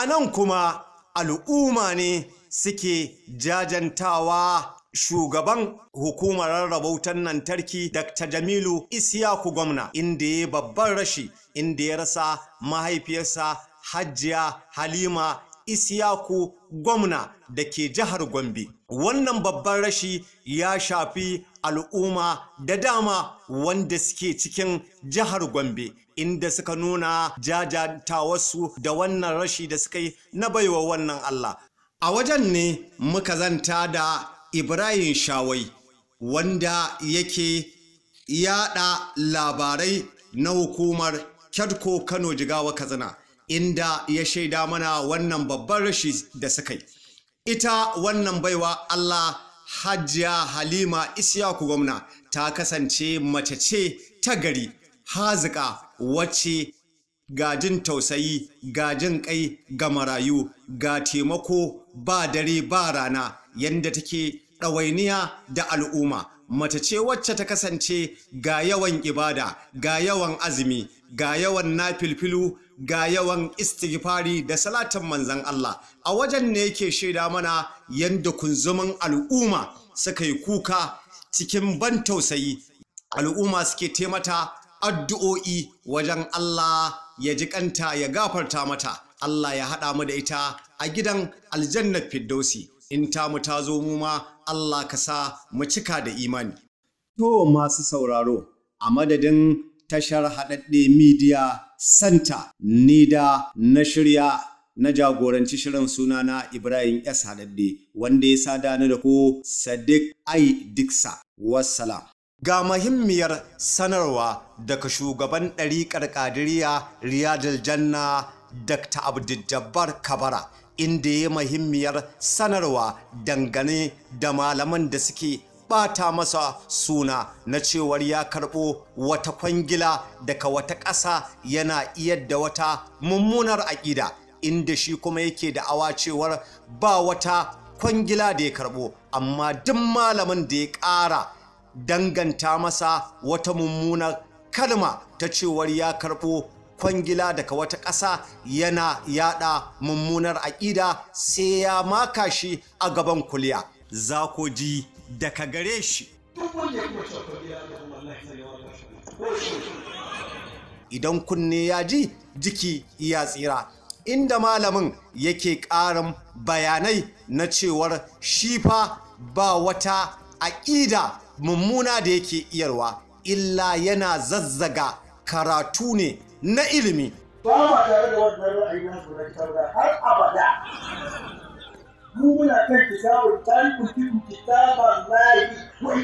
a nan kuma al'umma ne suke jajantawa shugaban hukumar rarrabautar nan lantarki Dr. Jamilu Isiyaku gwamna inda ya babban rashi inda ya rasa mahaifiyarsa Hajjiya Halima Isiyaku gwamna da ke jihar Gombe. Wannan babban rashi ya shafi al'umma da dama wanda suke cikin jihar Gombe inda suka nuna jajantawarsu da wannan rashi da suka yi na baiwa wannan Allah. A wajen ne muka zanta da Ibrahim Shawai wanda yake yada labarai na hukumar Kyadko Kano Jigawa kazana. inda ya shaida mana wannan babban rashi da suka yi ita wannan baiwa Allah Hajiya Halima Isiyaku gwamna ta kasance mace ce ta gari hazika wacce gajin tausayi gajin kai ga marayu ga taimako ba dare ba rana yadda take ɗawainiya da al'umma mace ce wacce ta kasance ga yawan ibada ga yawan azumi ga yawan na filfilu ga yawan istighfari da salatan manzan Allah a wajen ne yake shaida mana yanda kunzumin al'umma suka yi kuka cikin ban tausayi al'umma suke taimata addu'o'i wajen Allah ya ji jikanta ya gafarta mata Allah ya haɗa mu da ita a gidan aljannar firdausi in ta mu ta zo mu ma Allah ka sa mu cika da imani to masu sauraro a madadin tashar haɗaɗɗe Media Center ni da na shirya na jagoranci shirin sunana Ibrahim S. Haɗaɗɗe wanda ya sada ni da ku Sadiq I. Diksa. Wassalam. Ga mahimmiyar sanarwa daga shugaban ɗariƙar ƙadiriya Riyadul Janna Dr. Abdul Kabara inda ya mahimmiyar sanarwa dangane da malaman da suke bata masa suna na cewar ya karbo wata kwangila daga wata ƙasa yana iyar da wata mummunar aƙida inda shi kuma yake da awa cewar ba wata kwangila da ya karbo amma duk malamin da ya ƙara danganta masa wata mummunar kalma ta cewar ya karbo kwangila daga wata ƙasa yana yada mummunar aƙida sai ya maka shi a gaban kuliya za ku ji daga gare shi. Idan kunne ya ji jiki ya tsira, inda malamin yake ƙarin bayanai na cewar shifa ba wata aƙida mummuna da yake iyarwa, illa yana zazzaga karatu ne na ilimi. Ba tare da wannan ra'ayi na har abada. mu muna kan kitabun tarikun kitabun kitaban lahi wa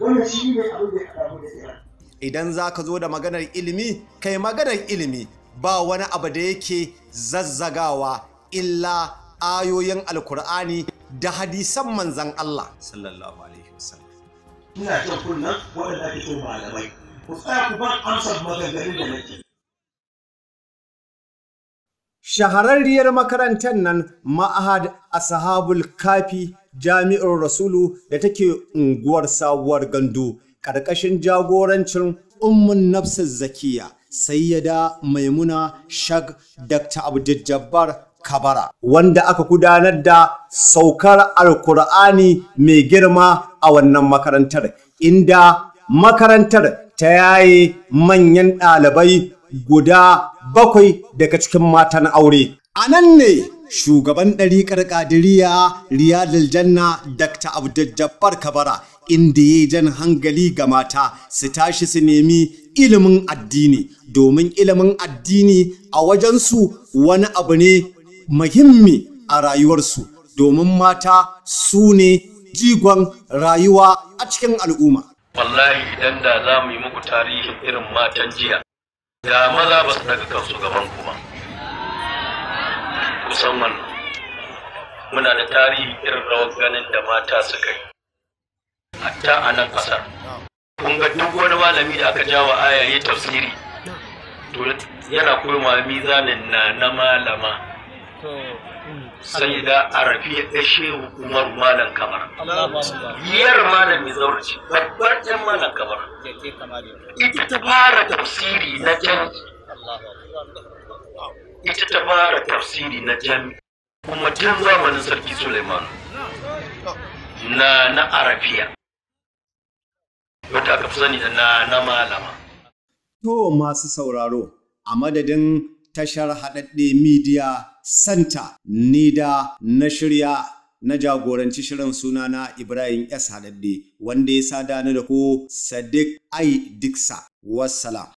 wannan shi ne abin da ya kawo da yawa idan za ka zo da maganar ilimi kai maganar ilimi ba wani abu da yake zazzagawa illa ayoyin alkur'ani da hadisan manzan Allah sallallahu alaihi wasallam ina jan kunnan waɗanda ake so malamai ku tsaya ku ban amsar maganganun da nake shahararriyar makarantar nan ma'ahad sahabul kafi jami'ar rasulu da take unguwar sabuwar gandu ƙarƙashin jagorancin ummun nafsin zakiya sayyada maimuna shag dr abdul kabara wanda aka gudanar da saukar alkur'ani mai girma a wannan makarantar inda makarantar ta yaye manyan ɗalibai guda bakwai daga cikin matan aure. A nan ne shugaban ɗariƙar ƙadiriya Riyadul Janna Dr. Abdul Kabara inda ya jan hangali ga mata su tashi su nemi ilimin addini domin ilimin addini a wajensu wani abu ne muhimmi a rayuwarsu domin mata su ne jigon rayuwa a cikin al'umma. Wallahi idan da za mu yi muku tarihin irin matan jiya ga maza ba su daga kansu gaban kuma musamman muna da tarihi irin rawar ganin da mata suka yi hatta a nan ƙasar kun ga duk wani malami da aka jawa aya ya tafsiri yana koyo ma mizanin na na malama sai da a rafi da shehu umar malam kamar biyar malam mai ce babbar ɗan malam kamar ita ta fara tafsiri na jami ita ta fara tafsiri na jami kuma tun zamanin sarki suleiman na na arafiya wata aka sani da na na malama to masu sauraro a madadin tashar haɗaɗɗe media santa ni da na shirya na jagoranci shirin suna na Ibrahim S. wanda ya sada ni da ku Sadiq Ai Diksa. Wassalam.